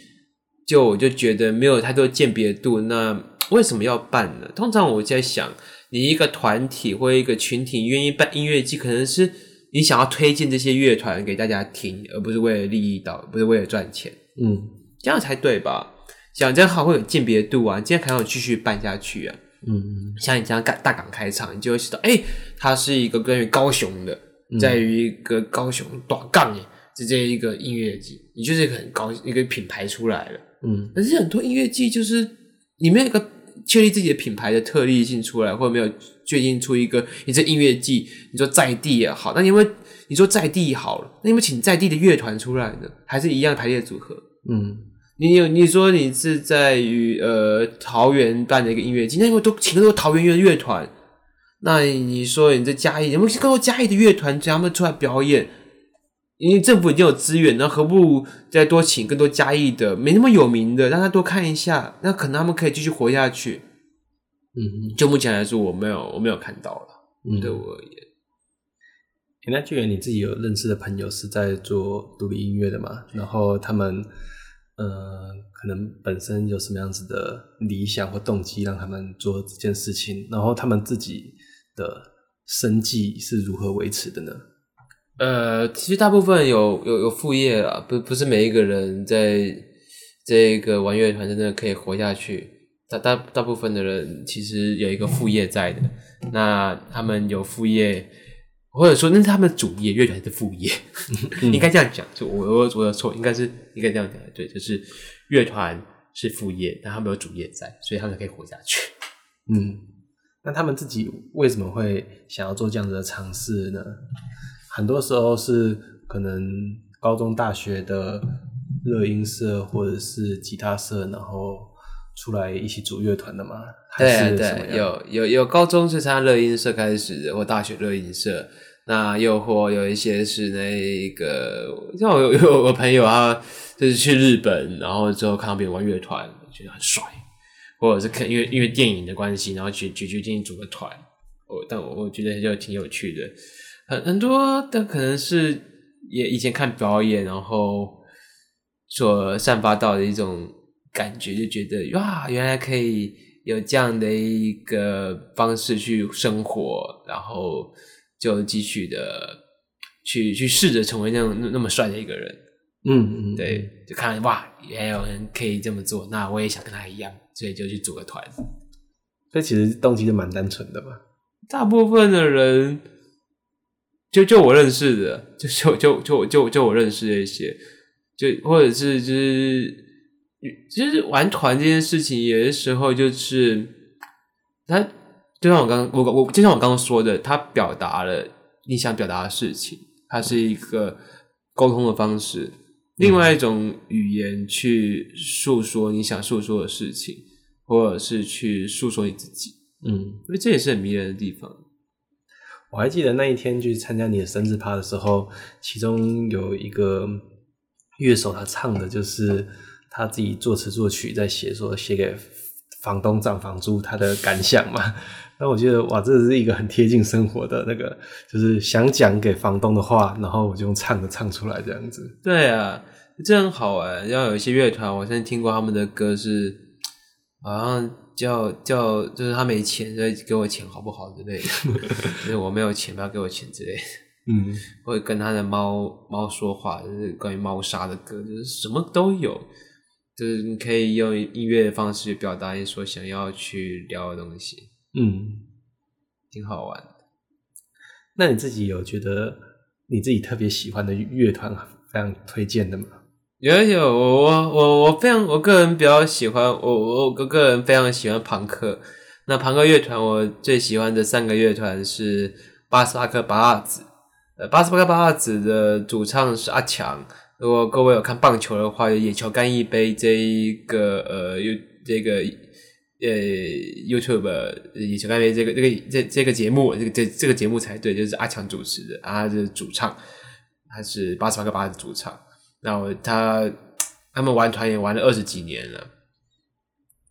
就我就覺得沒有太多鑑別度。那為什麼要辦呢？通常我在想，你一個團體或一個群體願意辦音樂季，可能是。你想要推薦這些樂團給大家聽，而不是為了利益到，不是為了賺錢，嗯，這樣才對吧？想這樣好會有鑑別度啊，這樣才好繼續辦下去啊。嗯，像你這樣大大港開唱，你就會知道，誒、欸、它是一個關於高雄的，在於一個高雄大港哎，直、嗯、接一個音樂祭，你就是一個很高一個品牌出來了。嗯，而且很多音樂祭就是你沒有一個確立自己的品牌的特例性出來，或者沒有。確定出一個，你這音樂祭，你說在地也好，那你會，你說在地好了，那你們請在地的樂團出來呢，還是一樣排列組合？嗯，你有你說你是在於呃桃園辦的一個音樂祭，那因為都請的都是桃園的樂、樂團，那你說你這嘉義，你們有沒有更多嘉義的樂團，叫他們出來表演，因為政府已經有資源，那何不再多請更多嘉義的沒那麼有名的，讓他多看一下，那可能他們可以繼續活下去。嗯，就目前來說，我沒有我沒有看到了。嗯，對我也。言、欸，那鉅元你自己有認識的朋友是在做獨立音樂的嘛、嗯？然後他們，呃，可能本身有什麼樣子的理想或動機，讓他們做這件事情？然後他們自己的生計是如何維持的呢？呃，其實大部分有有有副業啦，不不是每一個人在這個玩樂團真的可以活下去。大大大部分的人其實有一個副業在的，那他們有副業，或者說那是他們的主業，樂團是副業，嗯、 應該這樣講。就我我我有錯，應該是應該這樣講對，就是樂團是副業，但他們有主業在，所以他們可以活下去。嗯，那他們自己為什麼會想要做這樣子的嘗試呢？很多時候是可能高中大學的熱音社或者是吉他社，然後。出來一起組樂團的嗎？還是什麼的對、啊、對，有有有，有高中是參加樂音社開始，或大學樂音社。那又或有一些是那個，像我有有個朋友啊，就是去日本，然後之後看到別人玩樂團，覺得很帥，或者是可因為因為電影的關係，然後決決決定組個團。我但我我覺得就挺有趣的，很很多的、啊、可能是也以前看表演，然後所散發到的一種，感覺就覺得哇，原來可以有這樣的一個方式去生活，然後就繼續的去去試着成為那種那麼帥的一個人。嗯嗯，對，就看來哇，原來有人可以這麼做，那我也想跟他一樣，所以就去組個團。所以其實動機就蠻單純的嘛。大部分的人，就就我認識的，就就就就就，就，就，就我認識的一些，就或者是就是。其實玩團這件事情，有的時候就是他，就像我剛剛，我我就像我剛剛說的，他表達了你想表達的事情，它是一個溝通的方式，另外一種語言去訴說你想訴說的事情，或者是去訴說你自己，嗯，因為這也是很迷人的地方。嗯。我還記得那一天去參加你的生日趴的時候，其中有一個樂手，他唱的就是。他自己作詞作曲，在寫說寫給房東漲房租他的感想嘛。那我覺得哇，這是一個很貼近生活的那個，就是想講給房東的話，然後我就用唱的唱出來這樣子。對啊，這很好玩，然後有一些樂團，我現在聽過他們的歌是，好像叫叫就是他沒錢在給我錢好不好之類的，就 是我沒有錢不要給我錢之類的。嗯，會跟他的貓貓說話，就是關於貓砂的歌，就是什麼都有。就是你可以用音樂的方式去表達你所想要去聊的東西，嗯，挺好玩的。那你自己有覺得你自己特別喜歡的樂團啊，非常推薦的嗎？有有，我我我我非常我個人比較喜歡，我我個個人非常喜歡龐克。那龐克樂團我最喜歡的三個樂團是八十八顆芭樂籽，呃，八十八顆芭樂籽的主唱是阿強。如果各位有看棒球的話，《野球乾一杯》，這一個呃，又這個呃，YouTube《野球乾杯》這個、呃、YouTube，甘這個這這個節、這個這個、目，這個這這個節目才對，就是阿強主持的，啊、他就是主唱，他是八十八個八的主唱，然後他他們玩團也玩了二十幾年了，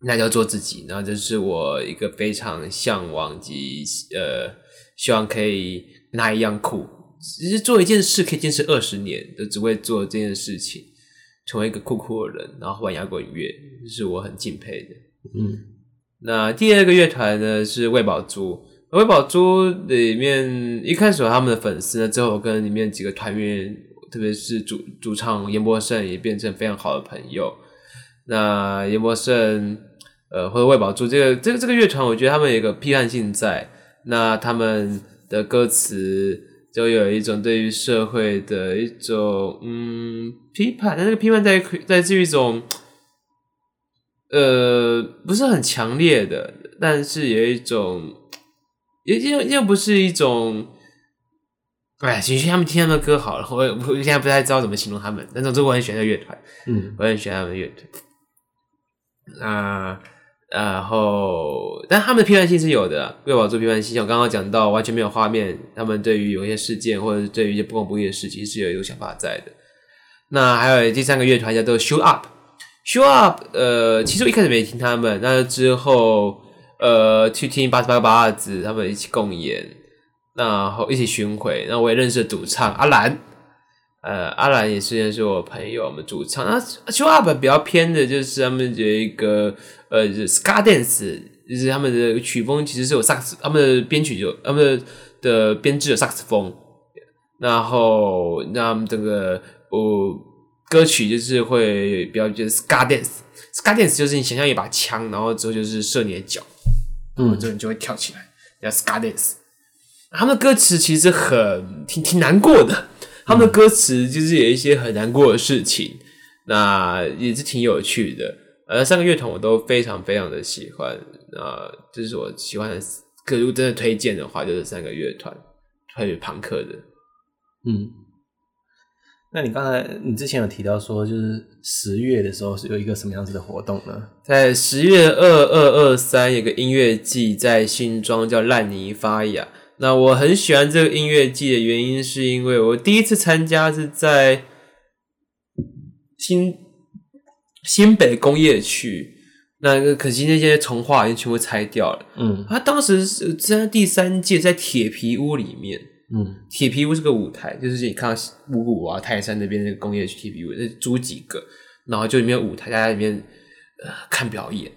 那叫做自己，然後這是我一個非常向往及呃，希望可以那一樣酷。其實做一件事可以堅持二十年，都只為做這件事情，成為一個酷酷的人，然後玩搖滾樂，是我很敬佩的。嗯，那第二個樂團呢是餵飽豬，餵飽豬裡面一開始他們的粉絲呢，最後跟裡面幾個團員，特別是主主唱嚴博勝也變成非常好的朋友。那嚴博勝，呃，或者餵飽豬這個這個這個樂團，我覺得他們有一個批判性在，那他們的歌詞。就有一種對於社會的一種嗯批判，但這個批判帶來自於一種，呃不是很強烈的，但是有一種也又又又不是一種，哎，其實他們聽他們的歌好了，我我現在不太知道怎麼形容他們，但是我很喜歡樂團，嗯，我很喜歡他們樂團，啊、呃。然後，但他們的批判性是有的啊，為我做批判性，像剛剛講到完全沒有畫面，他們對於有一些事件或者是對於一些不公不義的事情，其實是有一種想法在的。那還有第三個樂團叫做 SHOOTUP，SHOOTUP，呃，其實我一開始沒聽他們，那之後呃去聽八十八顆芭樂籽，他們一起共演，然後一起巡回，那我也認識了主唱阿蘭。呃，阿蘭也雖然是我朋友，我們主唱。那 SHOOTUP 比較偏的就是他們的一個呃，就是 ska dance，就是他們的曲風其實是有薩克斯，他們的編曲就他們的的編制有薩克斯風。然後，讓他們這個哦、呃、歌曲就是會比較覺得 ska dance，ska dance 就是你想象一把槍，然後之後就是射你的腳，嗯，之後你就會跳起來，嗯、叫 ska dance。他們歌詞其實很挺挺難過的。他們的歌詞就是有一些很難過的事情，那也是挺有趣的。呃，三個樂團我都非常非常的喜歡，啊、呃，就是我喜歡的，如果真的推薦的話，就是三個樂團，還有龐克的。嗯，那你剛才你之前有提到說，就是十月的時候是有一個什麼樣子的活動呢？在十月二二二三有一個音樂祭，在新莊叫爛泥發芽。那我很喜歡這個音樂祭的原因，是因為我第一次參加是在新新北工業區，那個可惜那些重劃，已經全部拆掉了。嗯，嗯，他、嗯、當時是在第三屆，在鐵皮屋裡面。嗯，鐵皮屋是個舞台，就是你看到五股啊、泰山那邊那個工業區鐵皮屋，那租幾個，然後就裡面有舞台，大家裡面、呃、看表演。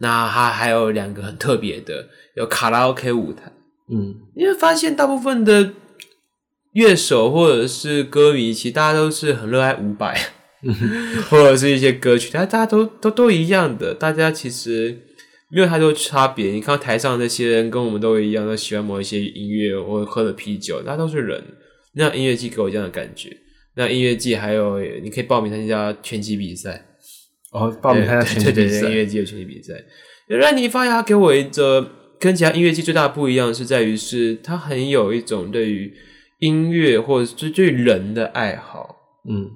那它還有兩個很特別的，有卡拉 OK 舞台。嗯，因為發現大部分的樂手或者是歌迷，其實大家都是很熱愛伍佰，或者是一些歌曲，大家大家都都都一樣的，大家其實沒有太多差別。你看台上那些人跟我們都一樣，都喜歡某一些音樂，或者喝了啤酒，大家都是人。那音樂祭給我這樣的感覺。那音樂祭還有，你可以報名參加拳擊比賽哦，報名參加拳擊比賽，音樂祭的拳擊比賽。爛泥發芽，給我一個。跟其他音樂祭最大的不一樣是在於是，它很有一種對於音樂或者是對人的愛好。嗯，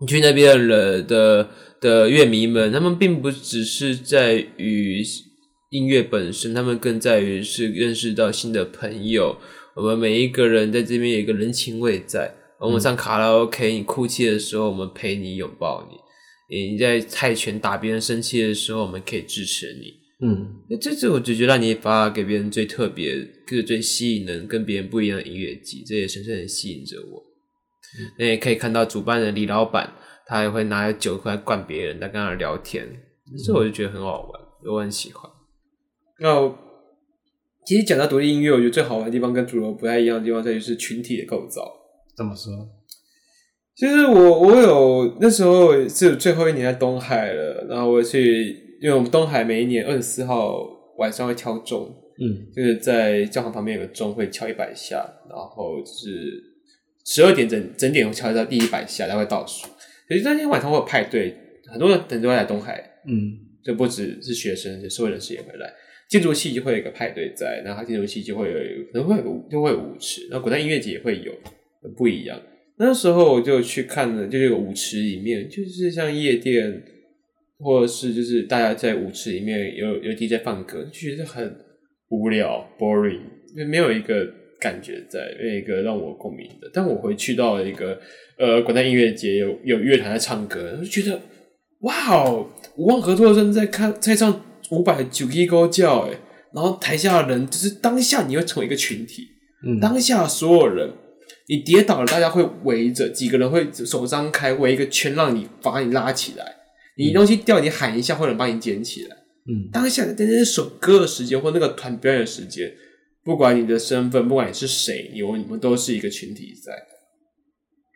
你去那邊了，的的樂迷們，他們並不只是在於音樂本身，他們更在於是認識到新的朋友。我們每一個人在這邊有一個人情味在。我們唱卡拉 OK，你哭泣的時候，我們陪你擁抱你；你在泰拳打別人生氣的時候，我們可以支持你。嗯，那這次我就覺得讓你把給別人最特別、個最吸引人、跟別人不一樣的音樂祭，這也深深的吸引着我。那、嗯、也可以看到，主辦人李老闆，他還會拿酒來灌別人，在跟他聊天，這我就覺得很好玩，嗯、我很喜歡。那其實講到獨立音樂，我覺得最好玩的地方跟主流不太一樣的地方在於是群體的構造。怎麼說？其實我我有那時候也是最後一年在東海了，然後我去。因為我們東海每一年二十四號晚上會敲鐘，嗯，就是在教堂旁邊有個鐘會敲一百下，然後就是十二點整整點會敲到第一百下，然後會倒數。所以那天晚上會有派對，很多人等著會來東海，嗯，就不只是學生，就社會人士也會來。建築系就會有一個派對在。然後建築系就會有，可能會就會有舞池，然後古代音樂節也會有，很不一樣。那時候我就去看了，就這個舞池裡面就是像夜店。或者是就是大家在舞池裡面有有 DJ 在放歌，就覺得很無聊，boring，因為沒有一個感覺在，沒有一個讓我共鳴的。但我回去到了一個呃，滾蛋音樂節，有有樂團在唱歌，我就覺得哇哦，五萬合作正在看在唱伍佰的九一歌叫哎，然後台下的人就是當下你會成為一個群體，嗯，當下所有人，你跌倒了，大家會圍着幾個人會手張開圍一個圈讓你把你拉起來。你東西掉，你喊一下，或者幫你撿起來。嗯，當下的在那首歌的時間，或那個團表演的時間，不管你的身份，不管你是誰，你們都是一個群體在。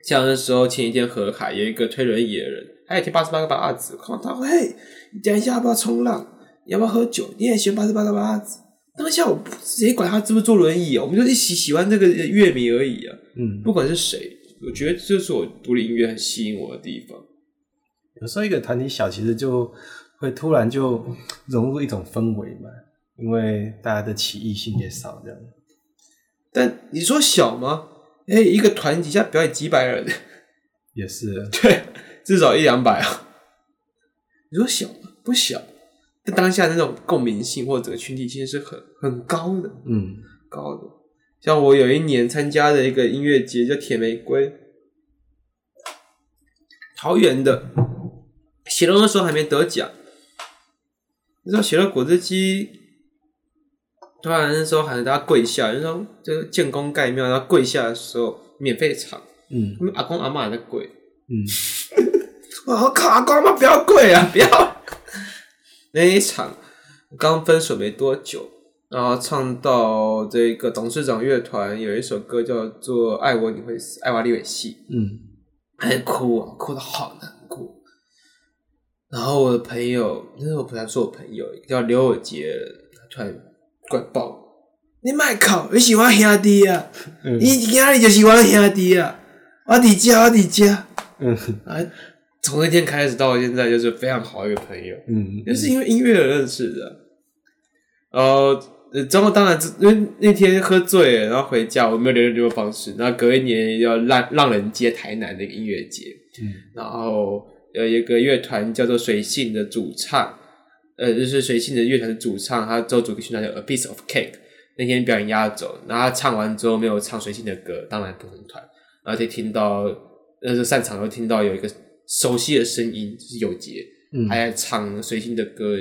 像那時候前一天河海有一個推輪椅的人，他也聽八十八顆芭樂籽，看到他，嘿，你等一下，要不要衝浪？你要不要喝酒？你也喜歡八十八顆芭樂籽。當下我誰管他是不是坐輪椅，我們就一起喜歡這個樂迷而已啊。嗯，不管是誰，我覺得這是我獨立音樂很吸引我的地方。有時候一個團體小，其實就會突然就融入一種氛圍嘛，因為大家的歧異性也少，這樣。但你說小嗎？誒、欸、一個團體下表演幾百人，也是對，至少一兩百啊。你說小嗎？不小。當下那種共鳴性或者群體性是很很高的，嗯，高的。像我有一年參加的一個音樂節叫鐵玫瑰，桃園的。寫了的時候還沒得獎，你知道寫了果汁機，突然那時候喊大家跪下，就說就建功蓋廟，然後跪下的時候免費唱，嗯，阿公阿嬤也在跪，嗯， 我靠，阿公阿嬤不要跪啊，不要！ 那一場剛分手沒多久，然後唱到這個董事長樂團有一首歌叫做《愛我你會死》，愛我你會死。嗯，還、哎、哭啊，哭的好呢。然後我的朋友，那時候我突然是我朋友叫劉爾杰，他突然怪爆，你媽靠，你喜歡兄弟啊？嗯、你哪裡就喜歡兄弟啊？我弟家，我弟家。嗯，啊，從那天開始到現在，就是非常好一個朋友。嗯，就是因為音樂而認識的。嗯、然後，之後當然因為那天喝醉了，然後回家我沒有留聯絡方式。然後隔一年要讓浪人接台南的一個音樂節。嗯，然後。呃，有一個樂團叫做隨性的主唱，呃，就是隨性的樂團的主唱，他做主題曲那叫《A Piece of Cake》，那天表演壓軸，然後他唱完之後沒有唱隨性的歌，當然不能團，而且聽到，那時候散場後聽到有一個熟悉的聲音，就是友杰，嗯，還在唱隨性的歌，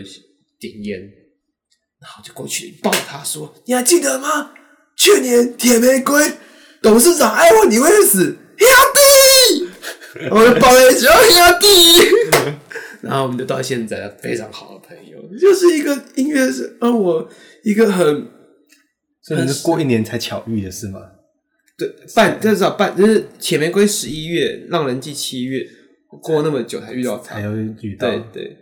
點菸，然後就過去抱他說：“你還記得嗎？去年鐵玫瑰董事長愛我你會死。”我就包了一張亞弟，然後我們就到現在了，非常好的朋友，就是一個音樂是讓我一個很，你是過一年才巧遇的是嗎？對，半至少半，就是就是、前面歸十一月浪人祭七月，月過那麼久才遇到才，就是、才會遇到，對對，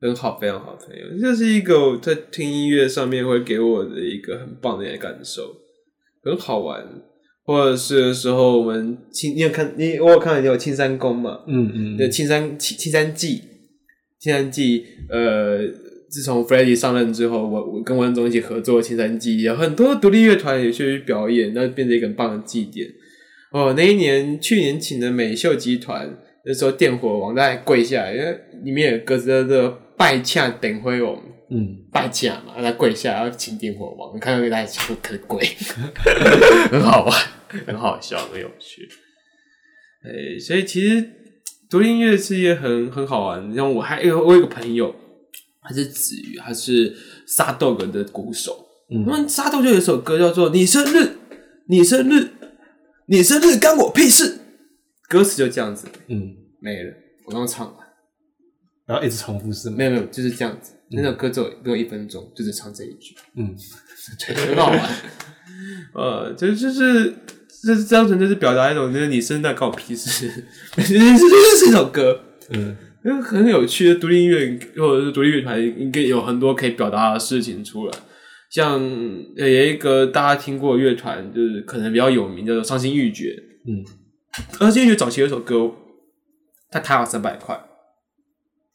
很好，非常好的朋友，就是一個在聽音樂上面會給我的一個很棒的一個感受，很好玩。或者是時候，我們青，你有看，你我有看到你有青山宮嘛，嗯嗯，有青山青青山祭，青山祭，呃，自從 Freddie 上任之後，我我跟溫總一起合作青山祭，有很多獨立樂團也去表演，那變成一個很棒的祭典。哦，那一年去年請的美秀集團，那時候電火王在跪下來，因為裡面有歌詞的拜洽頂輝我們。嗯，敗家嘛，讓他跪下，然後請點火王。看到給大家笑，可貴，很好玩，很好笑，很有趣。欸、所以其實獨立音樂是一件很很好玩。像我還有一，我有一個朋友，他是子魚，他是沙豆哥的鼓手，嗯。他們沙豆就有一首歌叫做《你生日，你生日，你生日》，幹我屁事。歌詞就這樣子，嗯，沒了。我剛剛唱完。然後一直重複是嗎？沒有沒有，就是這樣子。嗯、那首歌只有，只有一分鐘，就是唱這一句。嗯， 對，很好玩。 呃，就就是就這樣純就是表達一種，就是你生蛋搞屁事。是 是這是一首歌，嗯，因為很有趣的獨立音樂，或者是獨立樂團，應該有很多可以表達的事情出來。像有一個大家聽過樂團，就是可能比較有名，叫做傷心欲絕。嗯，傷心欲絕早期有一首歌，他開了三百塊。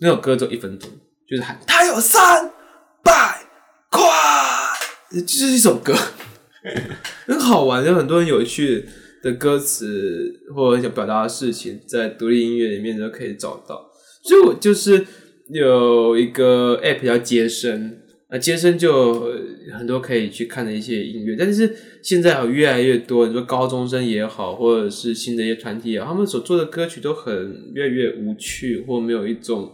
那首歌只有一分鐘，就是喊他有三百塊，就是一首歌，很好玩。有很多很有趣的歌詞，或者想表達的事情，在獨立音樂裡面都可以找到。所以我就是有一個 app 叫接“接生”，啊，“接生”就很多可以去看的一些音樂。但是現在好越來越多，你說高中生也好，或者是新的一些團體也好，他們所做的歌曲都很越來越無趣，或沒有一種。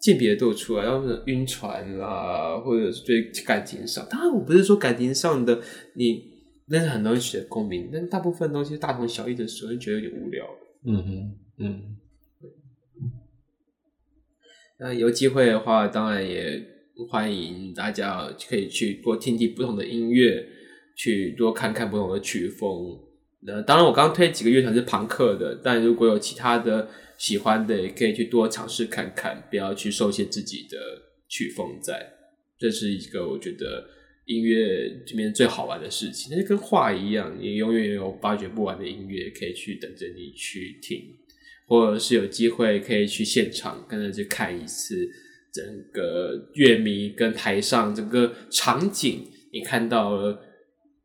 鑑別度出來，要麼暈船啦、啊，或者是對感情上，當然我不是說感情上的，你那是很多人，學得共鳴，但是大部分東西大同小異的時候，就覺得有點無聊嗯嗯嗯。那有機會的話，當然也歡迎大家可以去多聽聽不同的音樂，去多看看不同的曲風。那當然，我剛剛推幾個樂團是朋克的，但如果有其他的。喜歡的也可以去多嘗試看看，不要去受限自己的曲風在，在這是一個我覺得音樂這邊最好玩的事情。那就跟畫一樣，你永遠有發掘不完的音樂，可以去等着你去聽，或者是有機會可以去現場跟着去看一次整個樂迷跟台上整個場景，你看到了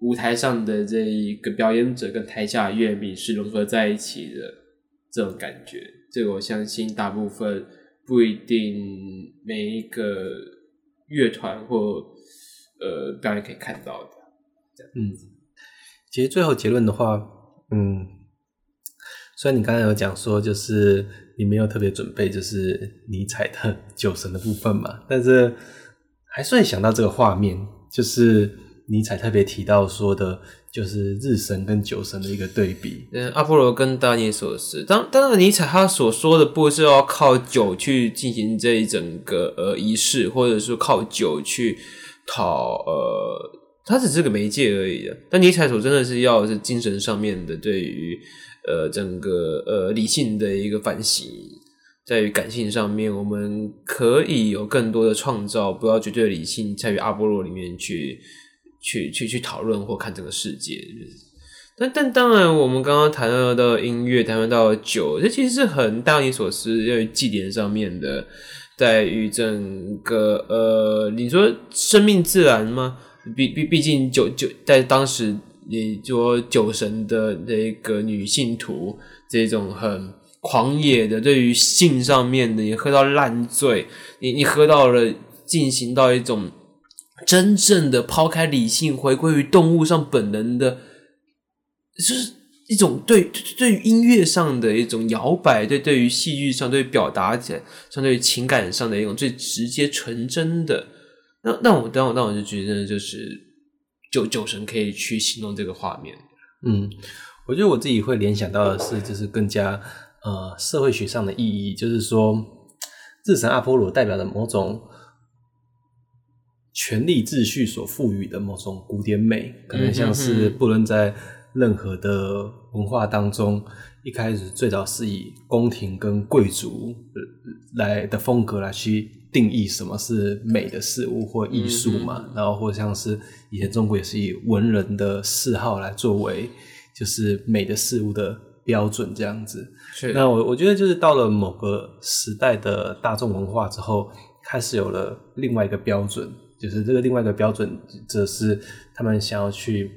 舞台上的這一個表演者跟台下樂迷是融合在一起的這種感覺。這個我相信大部分不一定每一個樂團或呃表演可以看到的。嗯，其實最後結論的話，嗯，雖然你剛才有講說就是你沒有特別準備，就是尼采的酒神的部分嘛，但是還算想到這個畫面，就是尼采特別提到說的。就是日神跟酒神的一個對比。嗯，阿波羅跟大尼索斯，當當然尼采他所說的不是要靠酒去進行這一整個呃儀式，或者說靠酒去討呃，他只是個媒介而已的、啊。但尼采所真的是要是精神上面的對於呃整個呃理性的一個反省，在於感性上面，我們可以有更多的創造，不要絕對理性在於阿波羅裡面去。去去去討論或看這個世界但，但但當然，我們剛剛談到的音樂，談到的酒，這其實是很大一所思，對於祭典上面的，在於整個呃，你說生命自然嗎？畢畢畢竟酒酒，在當時你說酒神的那個女信徒，這種很狂野的，對於性上面的，你喝到爛醉，你你喝到了進行到一種。真正的拋開理性，回歸於動物上本能的，就是一種對對對音樂上的一種搖擺，對對於戲劇上對於表達者，相對於情感上的一種最直接、純真的。那那我那我那我就覺得、就是，就是酒酒神可以去形容這個畫面。嗯，我覺得我自己會聯想到的是，就是更加呃社會學上的意義，就是說，日神阿波羅代表的某種，權力秩序所賦予的某種古典美，可能像是不論在任何的文化當中，嗯、哼哼，一開始最早是以宮廷跟貴族來的風格來去定義什麼是美的事物或藝術嘛，嗯，然後或像是以前中國也是以文人的嗜好，來作為就是美的事物的標準這樣子。是，那我我覺得就是到了某個時代的大眾文化之後，開始有了另外一個標準。就是這個另外一個標準，則是他們想要去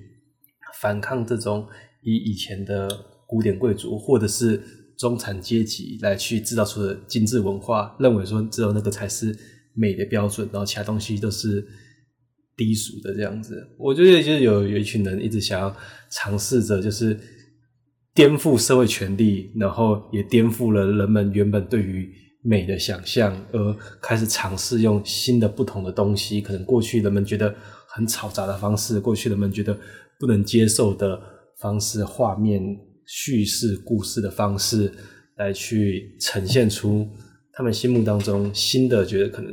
反抗這種以以前的古典貴族或者是中產階級來去製造出的精緻文化，認為說只有那個才是美的標準，然後其他東西都是低俗的這樣子。我覺得就是有有一群人一直想要嘗試着，就是顛覆社會權力，然後也顛覆了人們原本對於美的想象，而開始嘗試用新的、不同的東西。可能過去人們覺得很嘈雜的方式，過去人們覺得不能接受的方式，畫面、敘事、故事的方式，來去呈現出他們心目當中新的、覺得可能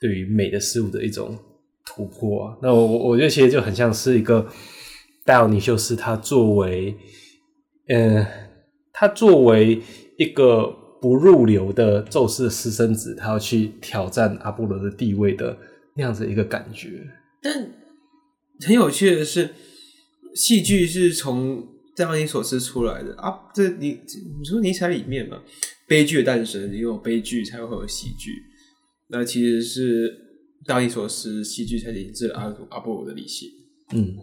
對於美的事物的一種突破啊。那我我覺得其實就很像是一個戴奧尼修斯，他作為，嗯，他作為一個。不入流的宙斯的私生子，他要去挑戰阿波羅的地位的那樣子一個感覺。但很有趣的是，戲劇是從戴奧尼索斯出來的啊！這你你說尼采裡面嘛，悲劇的誕生，因為有悲劇才會會有喜劇。那其實是戴奧尼索斯，戲劇才引致了阿、嗯、阿波羅的理性。嗯，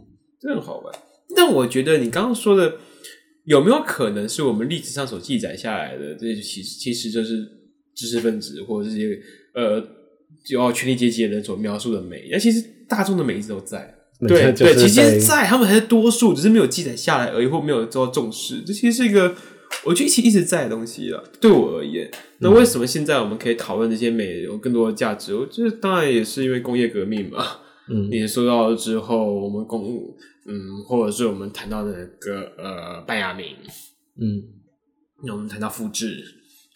這很好玩。但我覺得你剛剛說的。有沒有可能是我們歷史上所記載下來的？這些其實其實就是知識分子或者，這些呃，就哦權力階級的人所描述的美，而其實大眾的美一直都在。對對，其實其實在，他們還是多數，只是沒有記載下來而已，或沒有受到重視。這其實是一個我就一直一直在的東西了。對我而言，那為什麼現在我們可以討論這些美有更多的價值？嗯、我覺得當然也是因為工業革命嘛。嗯，也說到之後，我們共嗯，或者是我們談到那個呃班雅明，嗯，那我們談到複製，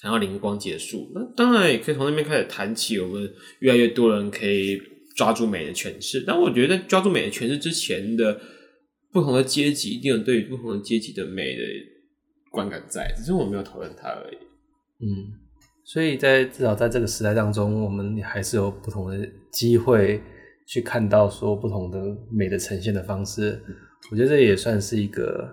談到靈光結束，那當然也可以從那邊開始談起。我們越來越多人可以抓住美的詮釋，但我覺得抓住美的詮釋之前的不同的階級，一定有對於不同的階級的美的觀感在，只是我沒有討論它而已。嗯，所以在至少在這個時代當中，我們還是有不同的機會。去看到說不同的美的呈現的方式，我覺得這也算是一個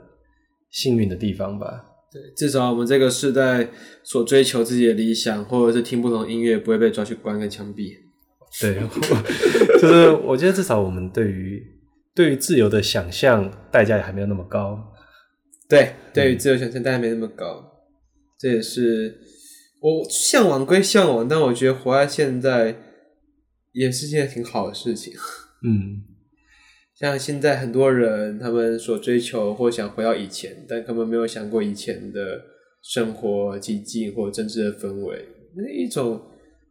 幸運的地方吧。對，至少我們這個世代所追求自己的理想，或者是聽不同音樂不會被抓去關跟槍斃。對，就是我覺得至少我們對於 對於自由的想象代價也還沒有那麼高。對，對於自由想象代價沒那麼高，嗯、這也是我向往歸向往，但我覺得活在現在，也是件挺好的事情，嗯，像現在很多人，他們所追求或想回到以前，但他們沒有想過以前的生活經濟或政治的氛圍，那一種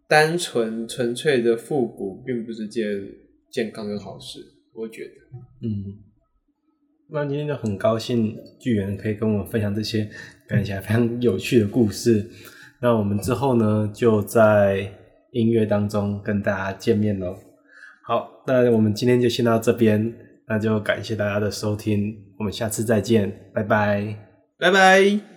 單純純粹的復古，並不是件健康跟好事，我覺得，嗯，那今天就很高興，鉅元可以跟我分享這些看起來非常有趣的故事，那我們之後呢，就在。音樂當中跟大家見面囉。好，那我們今天就先到這邊，那就感謝大家的收聽，我們下次再見，拜拜，拜拜。